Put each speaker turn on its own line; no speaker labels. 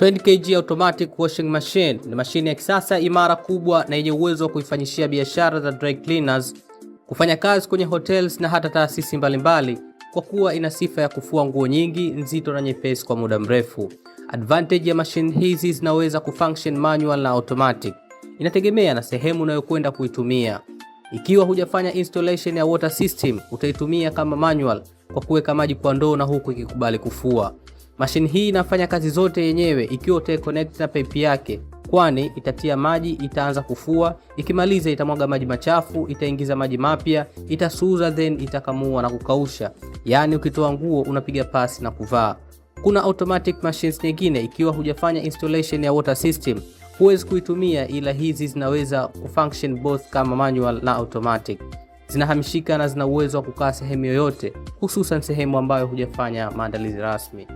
20 kg automatic washing machine ni mashine ya kisasa imara kubwa na yenye uwezo wa kuifanyishia biashara za dry cleaners kufanya kazi kwenye hotels na hata taasisi mbalimbali kwa kuwa ina sifa ya kufua nguo nyingi nzito na nyepesi kwa muda mrefu. Advantage ya mashine hizi zinaweza kufunction manual na automatic, inategemea na sehemu unayokwenda kuitumia. Ikiwa hujafanya installation ya water system, utaitumia kama manual kwa kuweka maji kwa ndoo na huku ikikubali kufua. Mashine hii inafanya kazi zote yenyewe ikiwa utaiconnect na pipe yake, kwani itatia maji, itaanza kufua, ikimaliza itamwaga maji machafu, itaingiza maji mapya, itasuuza, then itakamua na kukausha. Yaani ukitoa nguo unapiga pasi na kuvaa. Kuna automatic machines nyingine, ikiwa hujafanya installation ya water system huwezi kuitumia, ila hizi zinaweza kufunction both kama manual na automatic. Zinahamishika na zina uwezo wa kukaa sehemu yoyote, hususan sehemu ambayo hujafanya maandalizi rasmi.